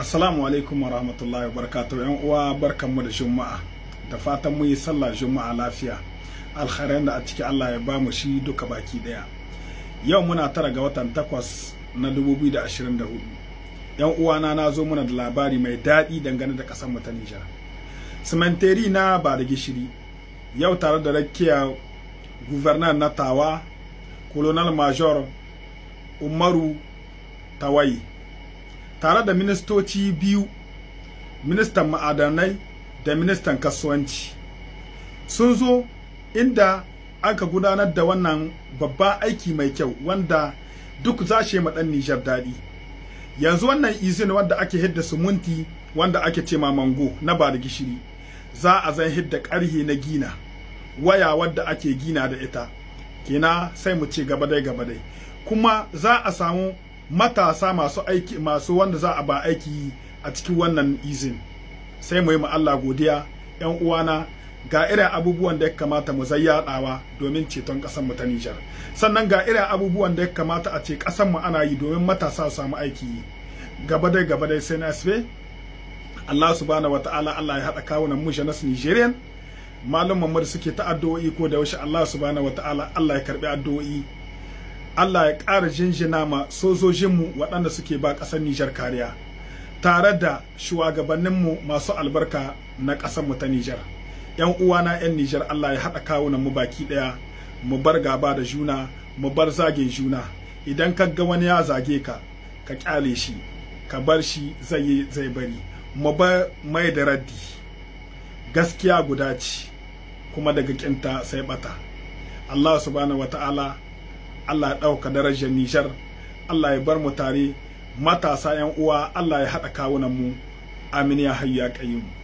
Assalamu alaikum wa rahmatullahi wa barakatu yan uwa barkan mu da juma'a da fatan mu yi sallah juma'a lafiya alkhairan da a ciki Allah ya ba mu shi duka baki daya yau muna tara ga watan takwas na 2024 yan uwa na zo muna da labari mai daɗi dangane da ƙasar mu ta Nijar simanteri na ba da gishiri yau tare da rakiya guvernar na tawa colonel major umaru tawai tare da ministoci biyu ministan ma'adanai da ministan kasuwanci sun zo inda aka gudanar da wannan babban aiki mai kyau wanda duk zashe shi ma dan Nijar daɗi yanzu wannan izini wanda ake hidda sumunti wanda ake ce mango na bada gishiri za a zan hidda ƙarhe na gina waya wadda ake gina da ita kina sai mu ce gaba dai gaba dai kuma za a samu matasa masu aiki masu wanda za a ba aiki a cikin wannan izin sai mu yi ma Allah godiya yan uwana ga irin abubuwan da ya kamata mu zayyadawa domin ceton ƙasar mu ta Nijar sannan ga irin abubuwan da ya kamata a ce ƙasar mu ana yi domin matasa su samu aiki gaba dai gaba dai sai na Allah subhanahu wataala Allah ya haɗa kawunan mu nasu Nigerian malumman mu suke ta addu'o'i ko da yaushe Allah subhanahu wataala Allah ya karbi addu'o'i Allah ya ƙara jinjina ma sojojinmu waɗanda suke ba ƙasar Nijar kariya tare da shugabanninmu masu albarka na mu ta Nijar. 'Yan uwana 'yan Nijar Allah ya haɗa kawunan mu baki ɗaya mu bar gaba da juna mu bar zage juna idan ka ga wani ya zage ka ka ƙyale shi ka bar shi zai yi zai bari mu bar mai da raddi gaskiya guda ce kuma daga ƙinta sai ɓata. Allah subhanahu wa ta'ala Allah ya ɗauka darajar Nijar Allah ya bar mu tare matasa 'yan uwa Allah ya haɗa kawunan mu amin ya hayya ƙayyumu.